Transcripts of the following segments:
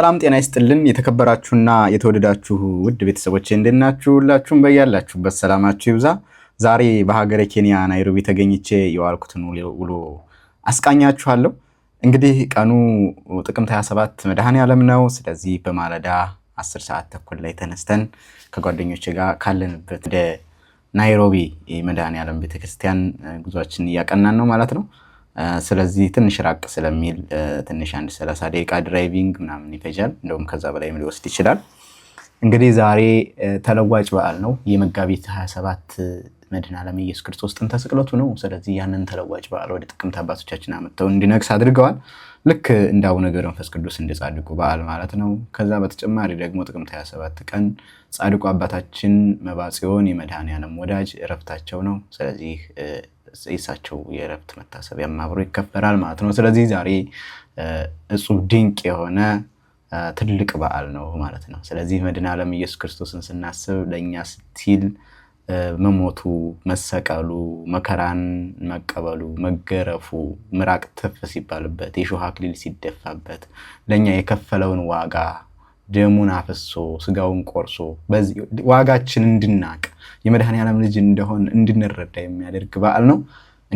ሰላም ጤና ይስጥልን። የተከበራችሁና የተወደዳችሁ ውድ ቤተሰቦች እንደናችሁ፣ ሁላችሁም በያላችሁበት ሰላማችሁ ይብዛ። ዛሬ በሀገረ ኬንያ ናይሮቢ ተገኝቼ የዋልኩትን ውሎ አስቃኛችኋለሁ። እንግዲህ ቀኑ ጥቅምት 27 መድኃኔዓለም ነው። ስለዚህ በማለዳ 10 ሰዓት ተኩል ላይ ተነስተን ከጓደኞች ጋር ካለንበት ወደ ናይሮቢ የመድኃኔዓለም ቤተክርስቲያን ጉዟችን እያቀናን ነው ማለት ነው። ስለዚህ ትንሽ ራቅ ስለሚል ትንሽ አንድ ሰላሳ ደቂቃ ድራይቪንግ ምናምን ይፈጃል። እንደውም ከዛ በላይም ሊወስድ ይችላል። እንግዲህ ዛሬ ተለዋጭ በዓል ነው። የመጋቢት 27 መድኃኔ ዓለም ኢየሱስ ክርስቶስ ጥንተ ስቅለቱ ነው። ስለዚህ ያንን ተለዋጭ በዓል ወደ ጥቅምት አባቶቻችን አመጥተው እንዲነግስ አድርገዋል። ልክ እንደ አቡነ ገብረ መንፈስ ቅዱስ እንደ ጻድቁ በዓል ማለት ነው። ከዛ በተጨማሪ ደግሞ ጥቅምት 27 ቀን ጻድቁ አባታችን መባጽዮን የመድኃኔ ዓለም ወዳጅ እረፍታቸው ነው። ስለዚህ የእሳቸው የእረፍት መታሰቢያ አብሮ ይከበራል ማለት ነው። ስለዚህ ዛሬ እጹብ ድንቅ የሆነ ትልቅ በዓል ነው ማለት ነው። ስለዚህ መድኃኔዓለም ኢየሱስ ክርስቶስን ስናስብ ለእኛ ስትል መሞቱ፣ መሰቀሉ፣ መከራን መቀበሉ፣ መገረፉ፣ ምራቅ ትፍ ሲባልበት፣ የሾህ አክሊል ሲደፋበት ለእኛ የከፈለውን ዋጋ ደሙን አፍሶ ስጋውን ቆርሶ ዋጋችን እንድናቅ የመድኃኔ ዓለም ልጅ እንደሆን እንድንረዳ የሚያደርግ በዓል ነው።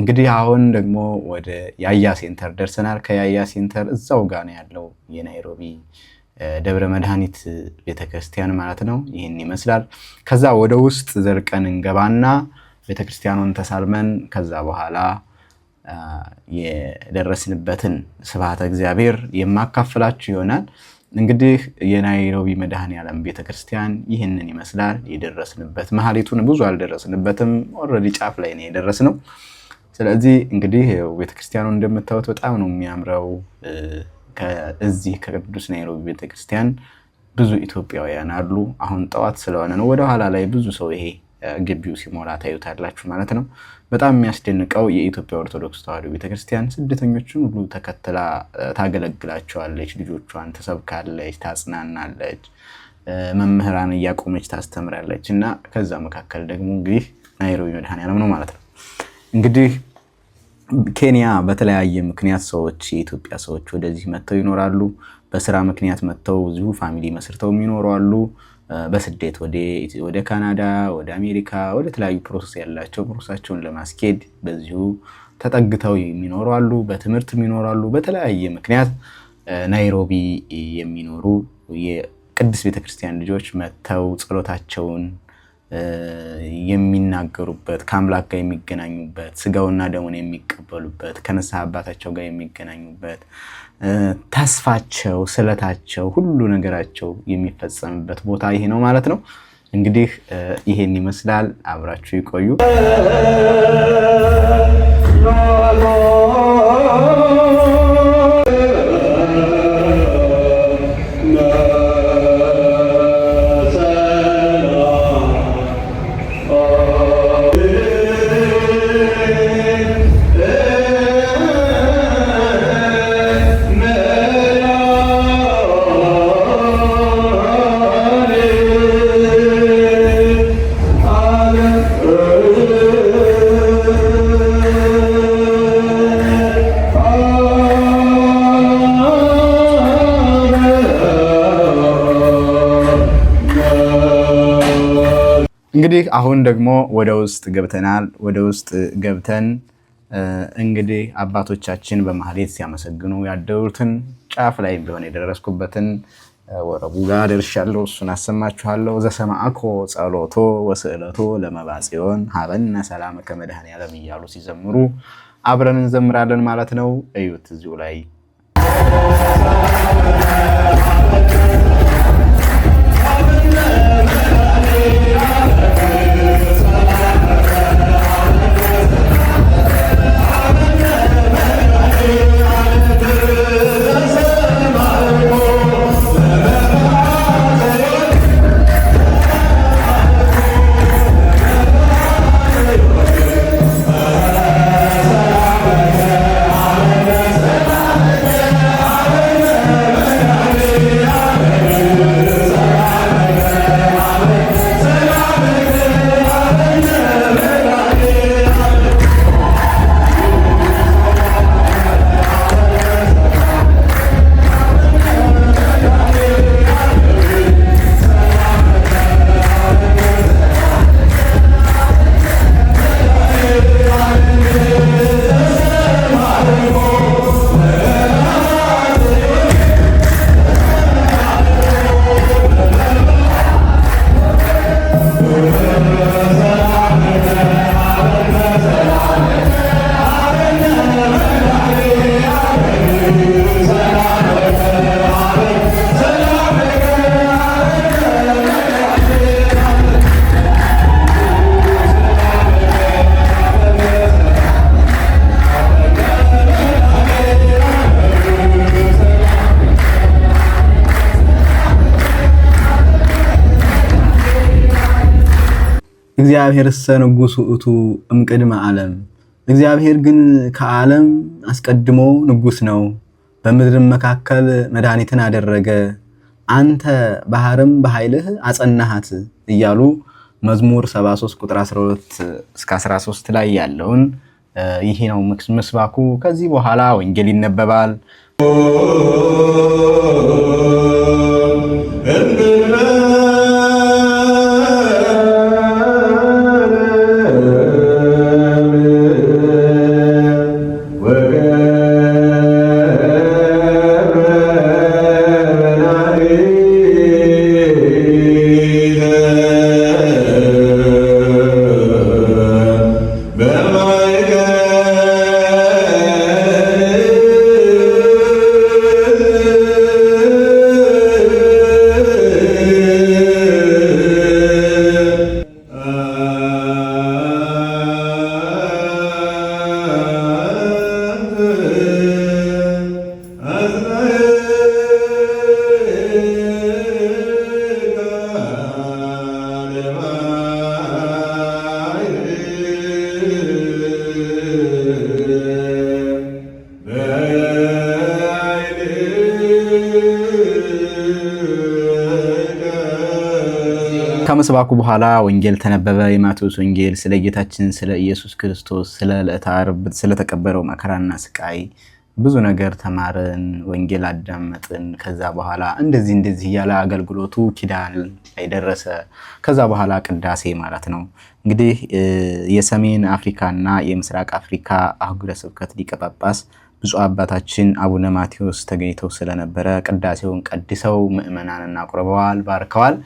እንግዲህ አሁን ደግሞ ወደ ያያ ሴንተር ደርሰናል። ከያያ ሴንተር እዛው ጋር ነው ያለው የናይሮቢ ደብረ መድኃኒት ቤተክርስቲያን ማለት ነው። ይህን ይመስላል። ከዛ ወደ ውስጥ ዘልቀን እንገባና ቤተክርስቲያኑን ተሳልመን ከዛ በኋላ የደረስንበትን ስብሐተ እግዚአብሔር የማካፍላችሁ ይሆናል። እንግዲህ የናይሮቢ መድኃኔዓለም ቤተክርስቲያን ይህንን ይመስላል። የደረስንበት መሀሌቱን ብዙ አልደረስንበትም። ኦልሬዲ ጫፍ ላይ ነው የደረስነው። ስለዚህ እንግዲህ ቤተክርስቲያኑ እንደምታዩት በጣም ነው የሚያምረው። እዚህ ከቅዱስ ናይሮቢ ቤተክርስቲያን ብዙ ኢትዮጵያውያን አሉ። አሁን ጠዋት ስለሆነ ነው ወደኋላ ላይ ብዙ ሰው ይሄ ግቢው ሲሞላ ታዩታላችሁ ማለት ነው። በጣም የሚያስደንቀው የኢትዮጵያ ኦርቶዶክስ ተዋሕዶ ቤተክርስቲያን ስደተኞችን ሁሉ ተከትላ ታገለግላቸዋለች፣ ልጆቿን ትሰብካለች፣ ታጽናናለች፣ መምህራን እያቆመች ታስተምራለች እና ከዛ መካከል ደግሞ እንግዲህ ናይሮቢ መድኃኔዓለም ነው ማለት ነው። እንግዲህ ኬንያ በተለያየ ምክንያት ሰዎች የኢትዮጵያ ሰዎች ወደዚህ መጥተው ይኖራሉ። በስራ ምክንያት መጥተው እዚሁ ፋሚሊ መስርተውም ይኖራሉ። በስደት ወደ ካናዳ፣ ወደ አሜሪካ፣ ወደ ተለያዩ ፕሮሰስ ያላቸው ፕሮሰሳቸውን ለማስኬድ በዚሁ ተጠግተው የሚኖሩ አሉ። በትምህርት የሚኖሩ አሉ። በተለያየ ምክንያት ናይሮቢ የሚኖሩ የቅድስት ቤተክርስቲያን ልጆች መጥተው ጸሎታቸውን የሚናገሩበት ከአምላክ ጋር የሚገናኙበት ስጋውና ደሙን የሚቀበሉበት ከንስሐ አባታቸው ጋር የሚገናኙበት ተስፋቸው፣ ስለታቸው ሁሉ ነገራቸው የሚፈጸምበት ቦታ ይሄ ነው ማለት ነው። እንግዲህ ይሄን ይመስላል። አብራችሁ ይቆዩ። እንግዲህ አሁን ደግሞ ወደ ውስጥ ገብተናል። ወደ ውስጥ ገብተን እንግዲህ አባቶቻችን በማህሌት ሲያመሰግኑ ያደሩትን ጫፍ ላይ ቢሆን የደረስኩበትን ወረቡ ጋር ደርሻለሁ። እሱን አሰማችኋለሁ። ዘሰማዕኮ ጸሎቶ ወስዕለቶ ለመባጽዮን ሀበነ ሰላም ከመድኃኔዓለም እያሉ ሲዘምሩ አብረን እንዘምራለን ማለት ነው። እዩት እዚሁ ላይ እግዚአብሔርሰ ንጉሡ ውእቱ እምቅድመ ዓለም፣ እግዚአብሔር ግን ከዓለም አስቀድሞ ንጉሥ ነው። በምድርም መካከል መድኃኒትን አደረገ፣ አንተ ባህርም በኃይልህ አጸናሃት እያሉ መዝሙር 73 ቁጥር 12 እስከ 13 ላይ ያለውን ይሄ ነው ምስባኩ። ከዚህ በኋላ ወንጌል ይነበባል። ከምስባኩ በኋላ ወንጌል ተነበበ። የማቴዎስ ወንጌል ስለ ጌታችን ስለ ኢየሱስ ክርስቶስ ስለ ዕለተ ዓርብ ስለተቀበለው መከራና ስቃይ ብዙ ነገር ተማርን፣ ወንጌል አዳመጥን። ከዛ በኋላ እንደዚህ እንደዚህ እያለ አገልግሎቱ ኪዳን ላይ ደረሰ። ከዛ በኋላ ቅዳሴ ማለት ነው። እንግዲህ የሰሜን አፍሪካና የምስራቅ አፍሪካ አህጉረ ስብከት ሊቀ ጳጳስ ብፁዕ አባታችን አቡነ ማቴዎስ ተገኝተው ስለነበረ ቅዳሴውን ቀድሰው ምእመናንና አቁርበዋል፣ ባርከዋል።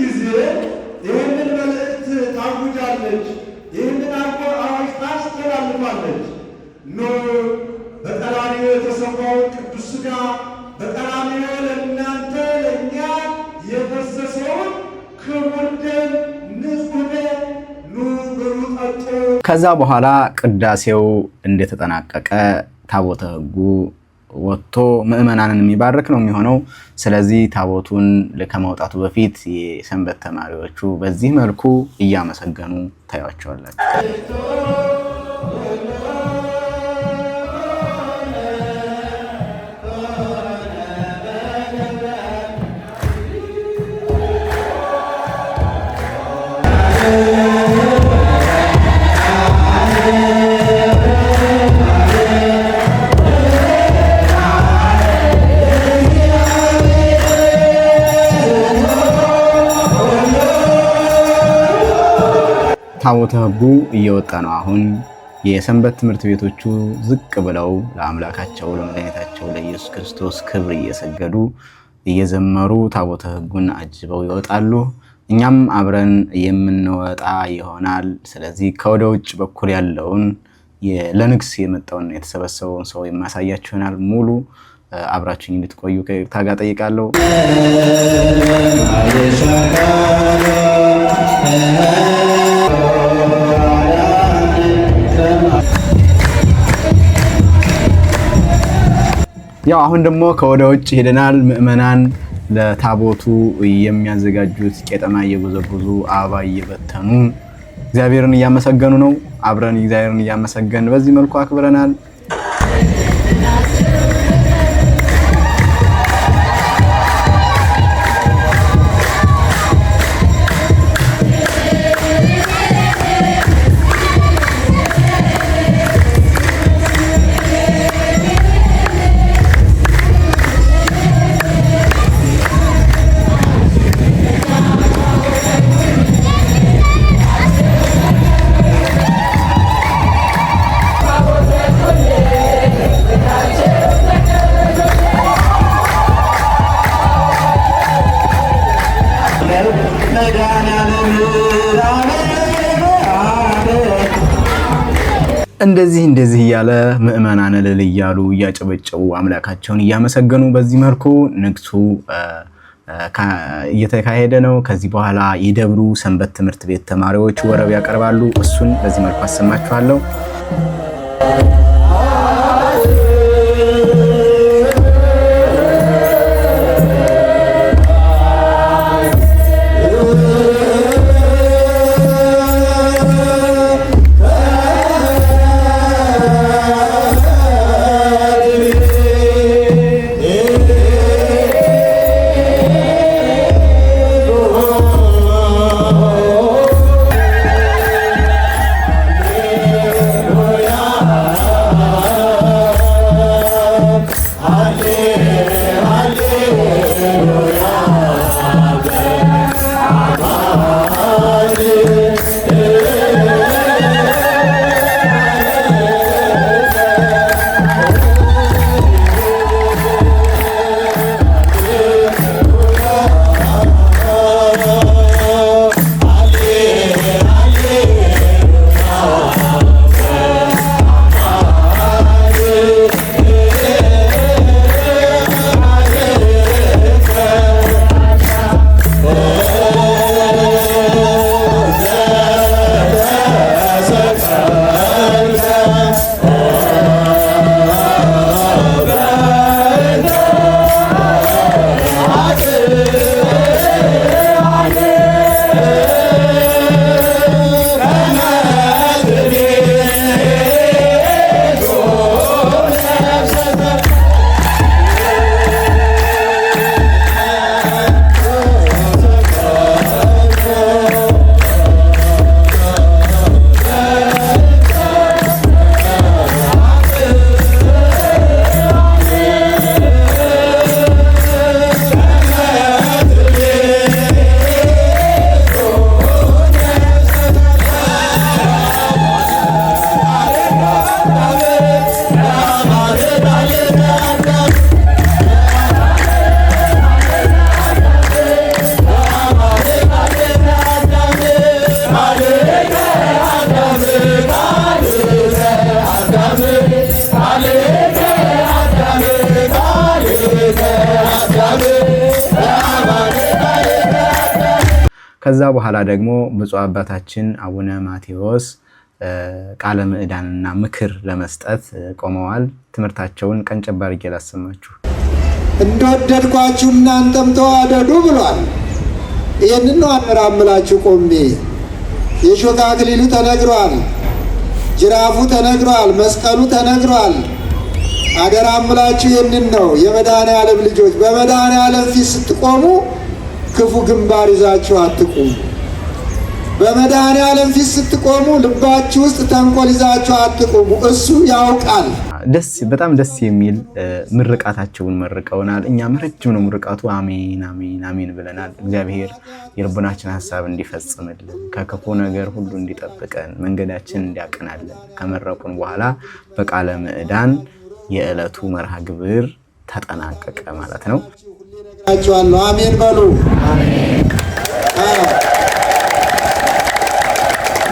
ጊዜ ይህንን መልእክት ታውጃለች፣ ይህንን አዋጅ ታስተላልፋለች። ኖ በቀራንዮ የተሰዋው ቅዱስ ሥጋ በቀራንዮ ለእናንተ ለእኛ የፈሰሰውን ክቡር ደም ከዛ በኋላ ቅዳሴው እንደተጠናቀቀ ታቦተ ሕጉ ወጥቶ ምእመናንን የሚባርክ ነው የሚሆነው። ስለዚህ ታቦቱን ከመውጣቱ በፊት የሰንበት ተማሪዎቹ በዚህ መልኩ እያመሰገኑ ታያቸዋላቸው። ታቦተ ሕጉ እየወጣ ነው። አሁን የሰንበት ትምህርት ቤቶቹ ዝቅ ብለው ለአምላካቸው ለመድኃኒታቸው ለኢየሱስ ክርስቶስ ክብር እየሰገዱ እየዘመሩ ታቦተ ሕጉን አጅበው ይወጣሉ። እኛም አብረን የምንወጣ ይሆናል። ስለዚህ ከወደ ውጭ በኩል ያለውን ለንግስ የመጣውን የተሰበሰበውን ሰው የማሳያችሁ ይሆናል። ሙሉ አብራችሁኝ እንድትቆዩ ታጋ ጋር ጠይቃለሁ። ያው አሁን ደግሞ ከወደ ውጭ ሄደናል። ምእመናን ለታቦቱ የሚያዘጋጁት ቄጠማ እየጎዘጎዙ አበባ እየበተኑ እግዚአብሔርን እያመሰገኑ ነው። አብረን እግዚአብሔርን እያመሰገን በዚህ መልኩ አክብረናል። እንደዚህ እንደዚህ እያለ ምዕመናን እልል እያሉ እያጨበጨቡ አምላካቸውን እያመሰገኑ በዚህ መልኩ ንግሱ እየተካሄደ ነው። ከዚህ በኋላ የደብሩ ሰንበት ትምህርት ቤት ተማሪዎች ወረብ ያቀርባሉ። እሱን በዚህ መልኩ አሰማችኋለሁ። ከዛ በኋላ ደግሞ ብፁ አባታችን አቡነ ማቴዎስ ቃለ ምዕዳንና ምክር ለመስጠት ቆመዋል። ትምህርታቸውን ቀንጨብ አድርጌ ላሰማችሁ። እንደወደድኳችሁ እናንተም ተዋደዱ ብሏል። ይህንን ነው አንራምላችሁ ቆሜ የሾካ አክሊሉ ተነግሯል። ጅራፉ ተነግሯል። መስቀሉ ተነግሯል። አደራ ምላችሁ ይህንን ነው። የመድኃኔ ዓለም ልጆች በመድኃኔ ዓለም ፊት ስትቆሙ ክፉ ግንባር ይዛችሁ አትቁሙ። በመድኃኔ ዓለም ፊት ስትቆሙ ልባችሁ ውስጥ ተንኮል ይዛችሁ አትቁሙ፣ እሱ ያውቃል። ደስ በጣም ደስ የሚል ምርቃታቸውን መርቀውናል። እኛም ረጅም ነው ምርቃቱ። አሜን አሜን አሜን ብለናል። እግዚአብሔር የልቡናችን ሀሳብ እንዲፈጽምልን ከክፉ ነገር ሁሉ እንዲጠብቀን መንገዳችን እንዲያቀናለን ከመረቁን በኋላ በቃለ ምዕዳን የዕለቱ መርሃ ግብር ተጠናቀቀ ማለት ነው። እላችኋለሁ። አሜን በሉ።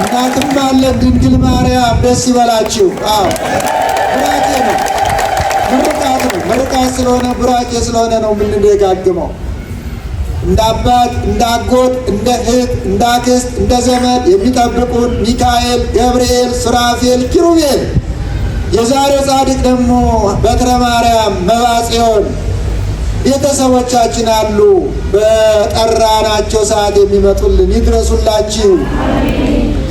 እናትም ባለ ድንግል ማርያም ደስ ይበላችሁ። ቡራኬ ነው፣ ምርቃት ነው። ምርቃት ስለሆነ ቡራኬ ስለሆነ ነው የምንደጋግመው። እንደ አባት እንደ አጎት እንደ እህት እንደ አክስት እንደ ዘመድ የሚጠብቁን ሚካኤል፣ ገብርኤል፣ ሱራፌል፣ ኪሩቤል የዛሬው ጻድቅ ደግሞ በትረ ማርያም መባጽዮን ቤተሰቦቻችን አሉ። በጠራናቸው ሰዓት የሚመጡልን ይድረሱላችሁ፣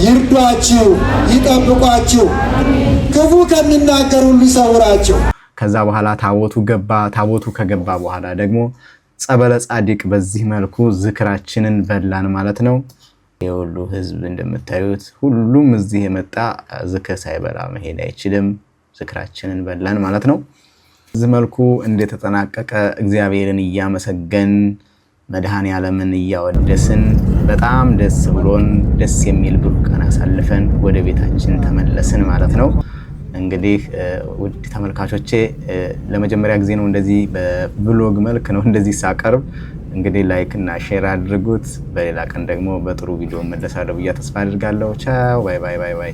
ይርዷችሁ፣ ይጠብቋችሁ፣ ክፉ ከሚናገር ሁሉ ይሰውራችሁ። ከዛ በኋላ ታቦቱ ገባ። ታቦቱ ከገባ በኋላ ደግሞ ጸበለ ጻድቅ በዚህ መልኩ ዝክራችንን በላን ማለት ነው። የሁሉ ህዝብ እንደምታዩት ሁሉም እዚህ የመጣ ዝክር ሳይበላ መሄድ አይችልም። ዝክራችንን በላን ማለት ነው። በዚህ መልኩ እንደተጠናቀቀ እግዚአብሔርን እያመሰገን መድኃኔ ዓለምን እያወደስን በጣም ደስ ብሎን ደስ የሚል ብሩህ ቀን አሳልፈን ወደ ቤታችን ተመለስን ማለት ነው። እንግዲህ ውድ ተመልካቾቼ ለመጀመሪያ ጊዜ ነው እንደዚህ በብሎግ መልክ ነው እንደዚህ ሳቀርብ። እንግዲህ ላይክ እና ሼር አድርጉት። በሌላ ቀን ደግሞ በጥሩ ቪዲዮ መለሳለሁ ብዬ ተስፋ አድርጋለሁ። ቻው ባይ ባይ ባይ ባይ